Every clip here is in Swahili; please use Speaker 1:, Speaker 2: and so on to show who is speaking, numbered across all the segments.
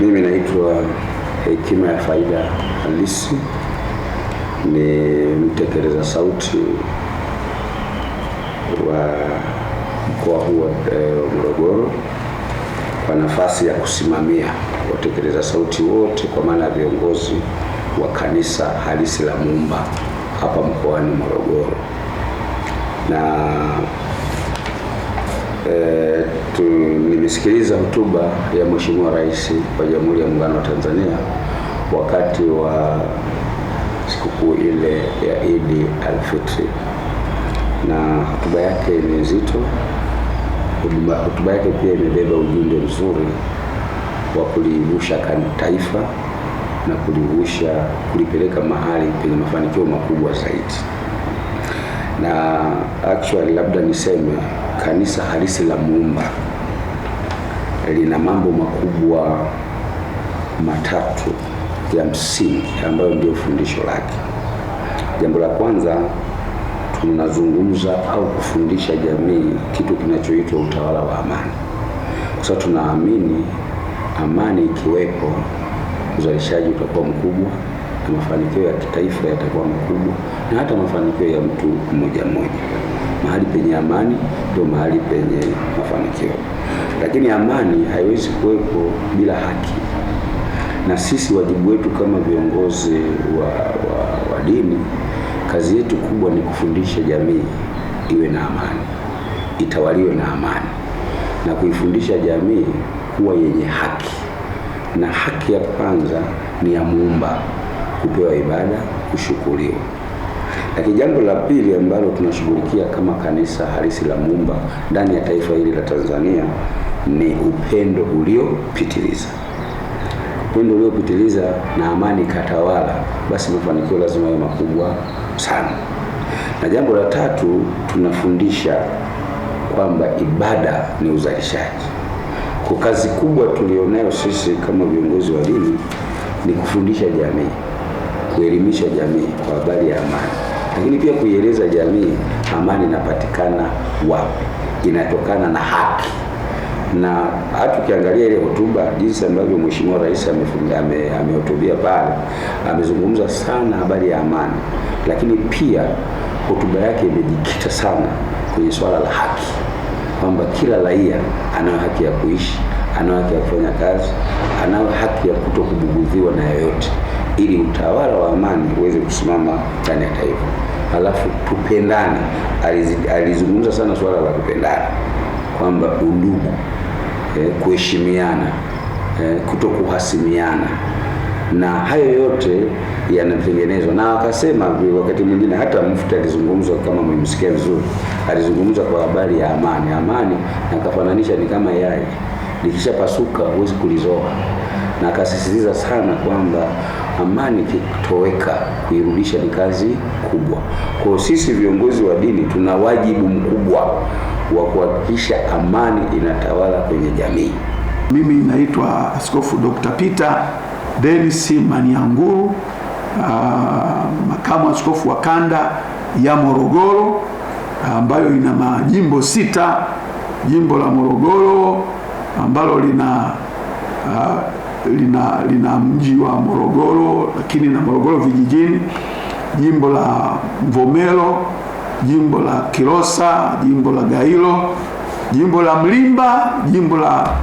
Speaker 1: Mimi naitwa Hekima eh, ya Faida Halisi, ni mtekeleza sauti wa mkoa huu eh, wa Morogoro kwa nafasi ya kusimamia watekeleza sauti wote kwa maana ya viongozi wa kanisa halisi la Muumba hapa mkoani Morogoro na e, nimesikiliza hotuba ya Mheshimiwa Rais wa Jamhuri ya Muungano wa Tanzania wakati wa sikukuu ile ya Idi Alfitri, na hotuba yake ni nzito. Hotuba yake pia imebeba ujumbe mzuri wa kuliivusha taifa na kuliibusha kulipeleka mahali penye mafanikio makubwa zaidi, na actually labda niseme kanisa halisi la Muumba lina mambo makubwa matatu ya msingi ambayo ndio fundisho lake. Jambo la kwanza, tunazungumza au kufundisha jamii kitu kinachoitwa utawala wa amani, kwa sababu tunaamini amani ikiwepo, uzalishaji utakuwa mkubwa na mafanikio ya kitaifa yatakuwa makubwa na hata mafanikio ya mtu mmoja mmoja. Mahali penye amani ndio mahali penye mafanikio. Lakini amani haiwezi kuwepo bila haki, na sisi wajibu wetu kama viongozi wa, wa, wa dini, kazi yetu kubwa ni kufundisha jamii iwe na amani, itawaliwe na amani, na kuifundisha jamii kuwa yenye haki, na haki ya kwanza ni ya Muumba kupewa ibada, kushukuriwa. Lakini jambo la pili ambalo tunashughulikia kama kanisa halisi la Muumba ndani ya taifa hili la Tanzania ni upendo uliopitiliza. Upendo uliopitiliza na amani katawala, basi mafanikio lazima yawe makubwa sana. Na jambo la tatu, tunafundisha kwamba ibada ni uzalishaji. Kwa kazi kubwa tulionayo sisi kama viongozi wa dini ni kufundisha jamii, kuelimisha jamii kwa habari ya amani, lakini pia kuieleza jamii amani inapatikana wapi, inatokana na haki na hata ukiangalia ile hotuba jinsi ambavyo Mheshimiwa Rais amehutubia ame pale, amezungumza sana habari ya amani, lakini pia hotuba yake imejikita sana kwenye swala la haki, kwamba kila raia anayo haki ya kuishi, anayo haki ya kufanya kazi, anayo haki ya kuto kubuguziwa na yoyote, ili utawala wa amani uweze kusimama ndani ya taifa. alafu tupendane, alizungumza sana swala la kupendana kwamba undugu eh, kuheshimiana eh, kuto kuhasimiana na hayo yote yanatengenezwa na akasema wakati mwingine hata mfuta alizungumza, kama mmemsikia vizuri, alizungumza kwa habari ya amani. Amani nakafananisha ni kama yai, likishapasuka huwezi kulizoa, na akasisitiza sana kwamba amani ikitoweka, kuirudisha ni kazi kubwa. Kwa sisi viongozi wa dini tuna wajibu mkubwa wa kuhakikisha amani inatawala kwenye jamii.
Speaker 2: Mimi naitwa Askofu Dr. Peter Dennis Manianguru, ah, makamu askofu wa kanda ya Morogoro ambayo ina majimbo sita. Jimbo la Morogoro ambalo lina a, ah, lina lina mji wa Morogoro lakini na Morogoro vijijini, jimbo la Mvomero jimbo la Kilosa, jimbo la Gairo, jimbo la Mlimba, jimbo la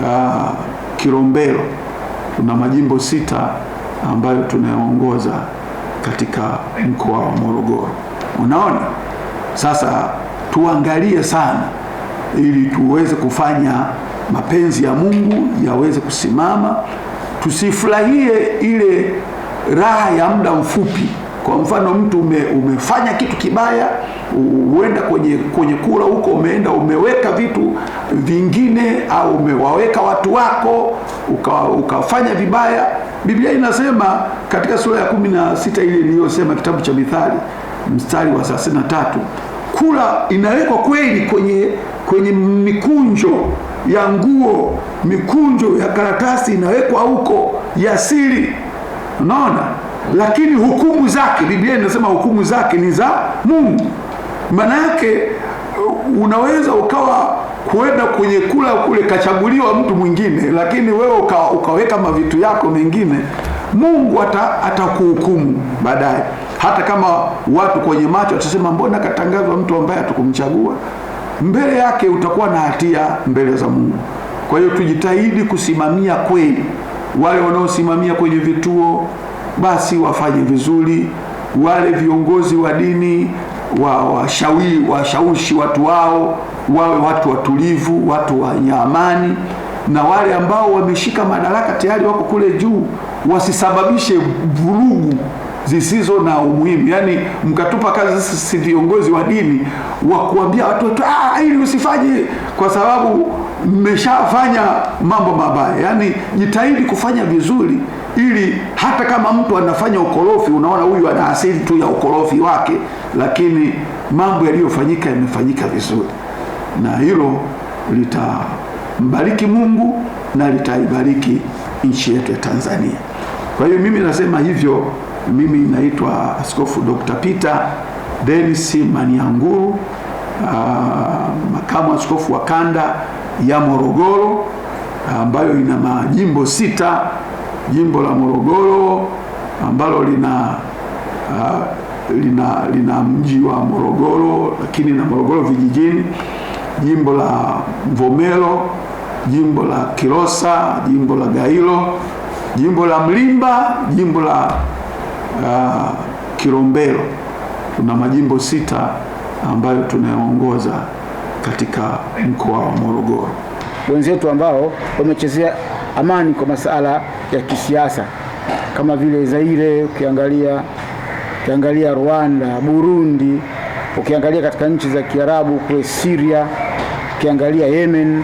Speaker 2: uh, Kilombero. Tuna majimbo sita ambayo tunayoongoza katika mkoa wa Morogoro. Unaona, sasa tuangalie sana ili tuweze kufanya mapenzi ya Mungu yaweze kusimama, tusifurahie ile raha ya muda mfupi kwa mfano mtu ume, umefanya kitu kibaya, huenda kwenye kwenye kura huko umeenda umeweka vitu vingine au umewaweka watu wako ukafanya vibaya. Biblia inasema katika sura ya 16 ile iliyosema kitabu cha Mithali mstari wa tatu kura inawekwa kweli kwenye kwenye mikunjo ya nguo, mikunjo ya karatasi inawekwa huko ya siri, unaona lakini hukumu zake, Biblia inasema hukumu zake ni za Mungu. Maana yake uh, unaweza ukawa kuenda kwenye kula kule kachaguliwa mtu mwingine, lakini wewe uka, ukaweka mavitu yako mengine, Mungu atakuhukumu ata baadaye, hata kama watu kwenye macho watasema mbona katangazwa mtu ambaye hatukumchagua, mbele yake utakuwa na hatia mbele za Mungu. Kwa hiyo tujitahidi kusimamia kweli, wale wanaosimamia kwenye vituo basi wafanye vizuri. Wale viongozi wa dini washawishi washawishi watu wao wawe watu watulivu, watu wenye amani, na wale ambao wameshika madaraka tayari wako kule juu wasisababishe vurugu zisizo na umuhimu, yani mkatupa kazi sisi viongozi wa dini wa kuambia watu ah, ili usifanye kwa sababu mmeshafanya mambo mabaya. yani jitahidi kufanya vizuri, ili hata kama mtu anafanya ukorofi, unaona huyu ana asili tu ya ukorofi wake, lakini mambo yaliyofanyika yamefanyika vizuri, na hilo litambariki Mungu na litaibariki nchi yetu ya Tanzania. Kwa hiyo mimi nasema hivyo mimi naitwa Askofu Dr. Peter Denis Manianguru, ah, makamu askofu wa kanda ya Morogoro ambayo ina majimbo sita. Jimbo la Morogoro ambalo lina a, ah, lina lina mji wa Morogoro lakini na Morogoro vijijini, jimbo la Mvomero, jimbo la Kilosa, jimbo la gailo jimbo la Mlimba, jimbo la uh, Kilombero tuna majimbo sita ambayo tunayoongoza katika mkoa wa Morogoro.
Speaker 3: Wenzetu ambao wamechezea amani kwa masala ya kisiasa kama vile Zaire, ukiangalia ukiangalia Rwanda, Burundi, ukiangalia katika nchi za Kiarabu kule Syria, ukiangalia Yemen,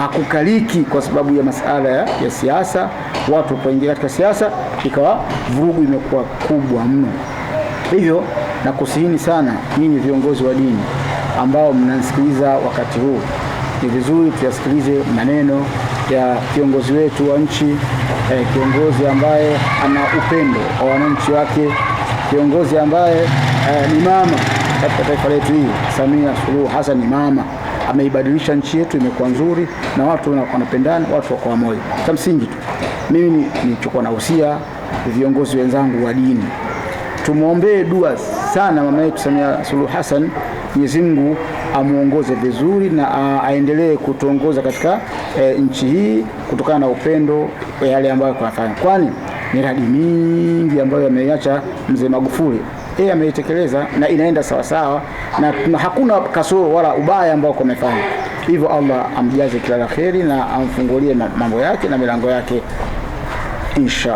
Speaker 3: hakukaliki kwa sababu ya masala ya, ya siasa, watu wakaingia katika siasa ikawa vurugu imekuwa kubwa mno. Hivyo nakusihini sana nyinyi viongozi wa dini ambao mnanisikiliza wakati huu, ni vizuri tuyasikilize maneno ya kiongozi wetu wa nchi eh, kiongozi ambaye ana upendo wa wananchi wake, kiongozi ambaye eh, ni mama katika taifa letu hili. Samia Suluhu Hassan ni mama, ameibadilisha nchi yetu, imekuwa nzuri na watu wanapendana, watu wako wamoja, cha msingi tu. Mimi na usia viongozi wenzangu wa dini, tumwombee dua sana mama yetu Samia Suluhu Hassan, Mwenyezi Mungu amuongoze vizuri na aendelee kutuongoza katika e, nchi hii kutokana na upendo wa yale ambayo kafanya, kwani miradi mingi ambayo ameiacha mzee Magufuli yeye ameitekeleza na inaenda sawasawa sawa, na hakuna kasoro wala ubaya ambao amefanya. Hivyo Allah amjaze kila la kheri na amfungulie mambo yake na milango yake Inshallah.